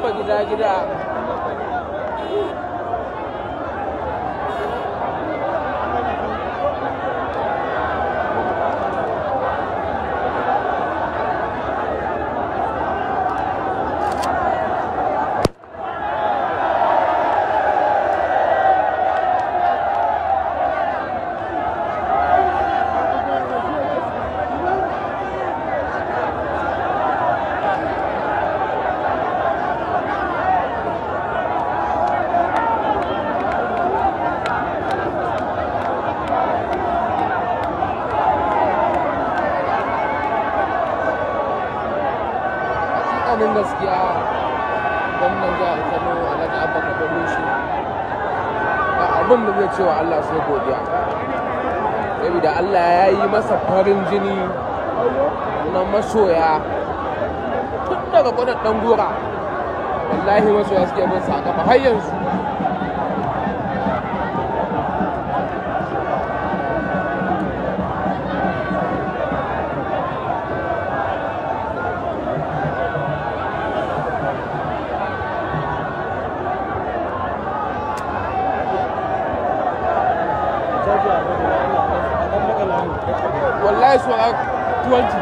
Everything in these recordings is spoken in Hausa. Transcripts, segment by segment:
abba gida gida sai godiya saboda Allah ya yi masa farin jini na masoya tun daga kudin ɗangura wallahi masoya suke bin sa kafa har yanzu towards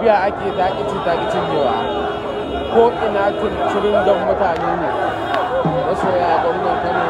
tafiya ake takici takicin yawa ko ina cirin don mutane ne masoya gwamnan kano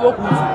我估计。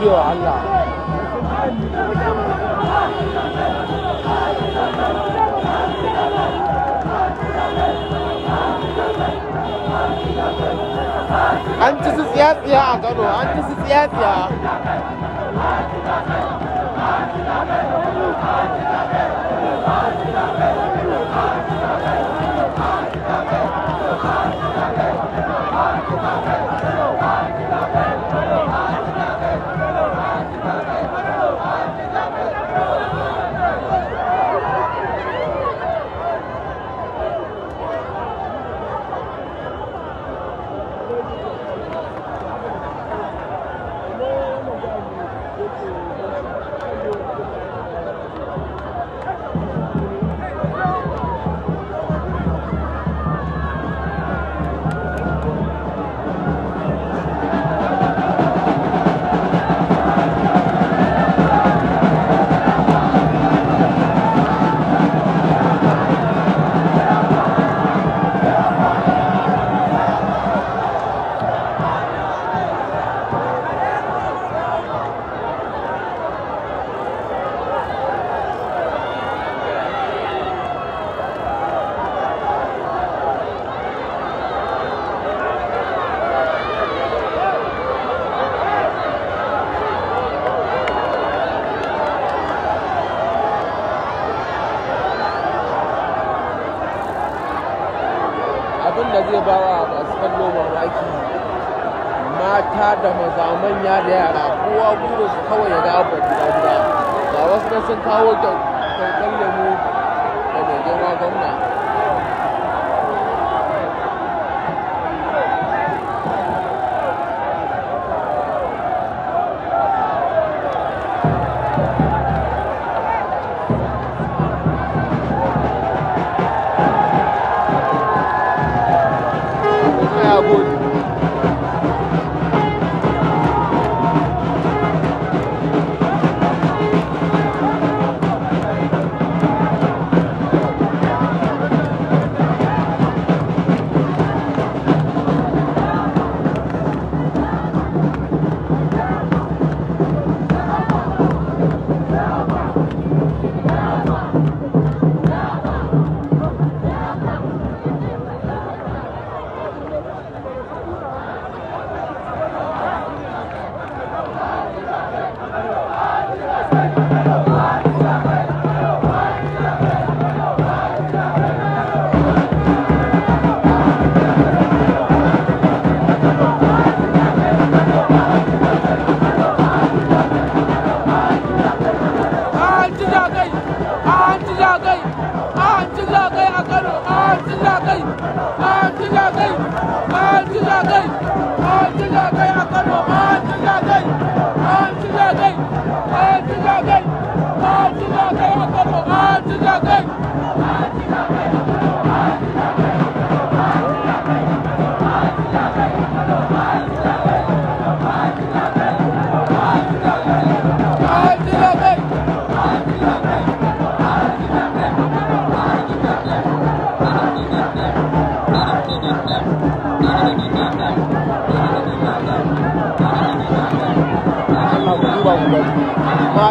Julio Halla. Antes ist erst ja, Dono, antes ist erst ja. Hadi ido su kawai ya ga abu gida gida ga wasu sun kawo kyautar lemu da mai girma gwamna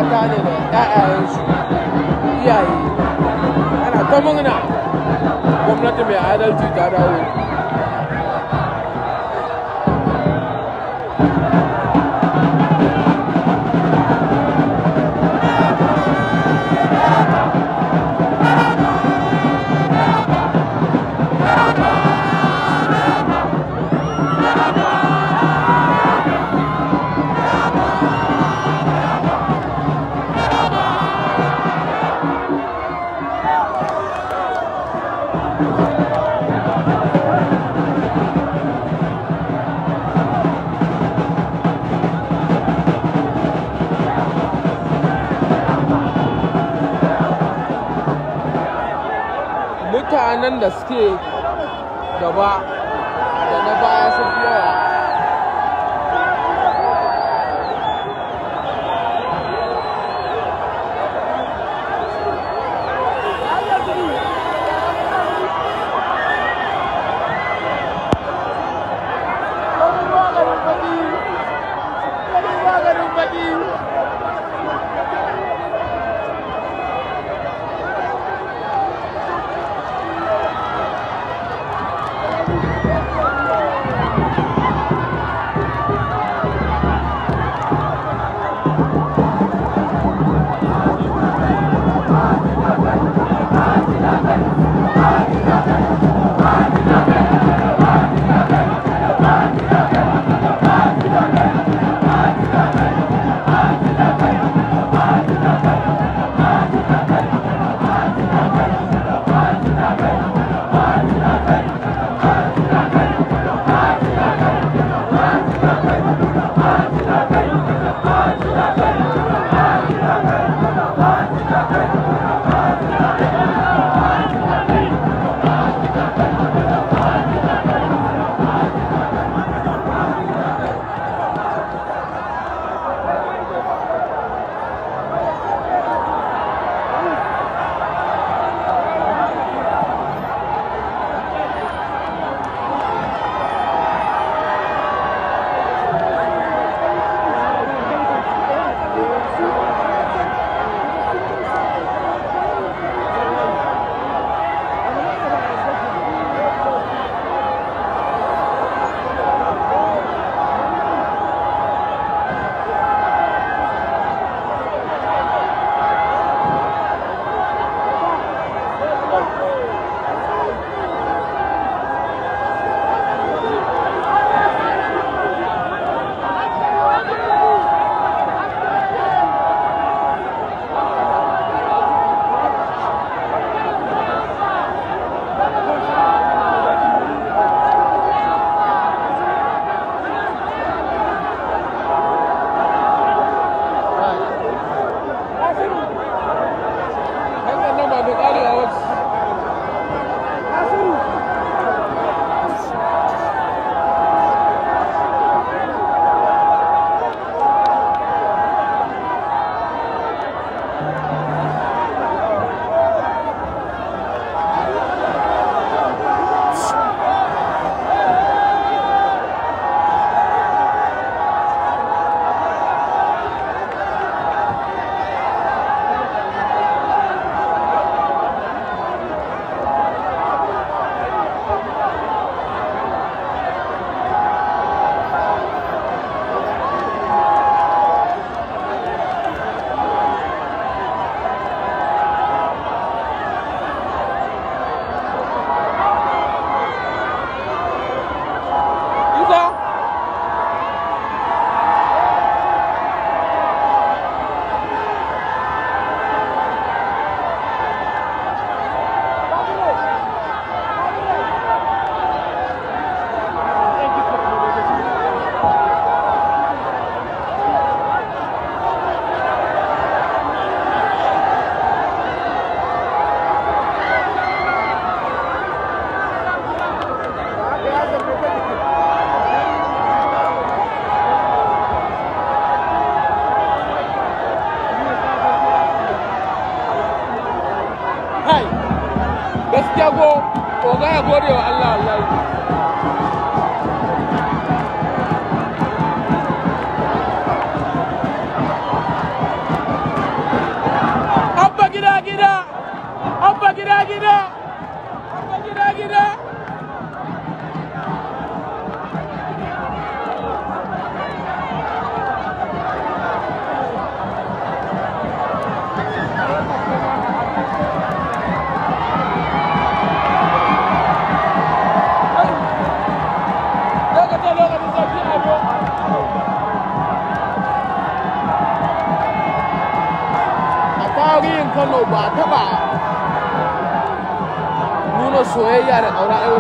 mata ne da ƴaƴayensu now. ana ta murna gwamnati mai adalci waɗanda suke gaba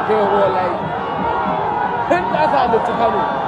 kai wa wallahi in da aka ambaci Kano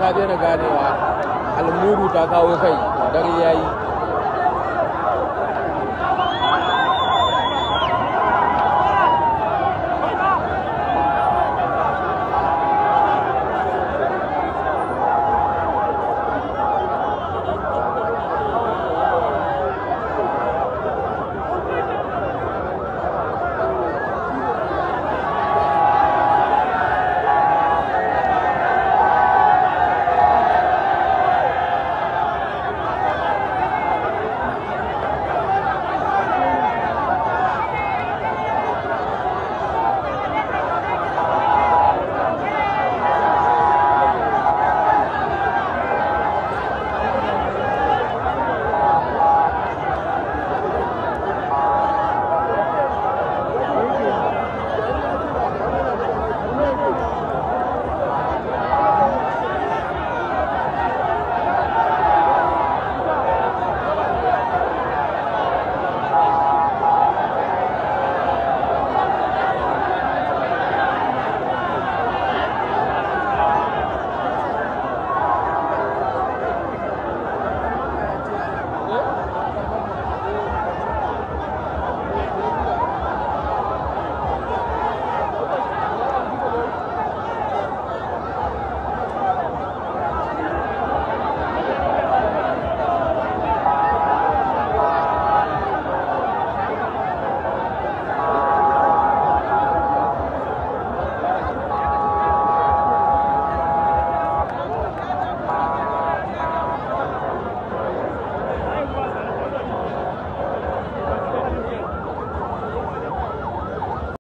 ta daina ganewa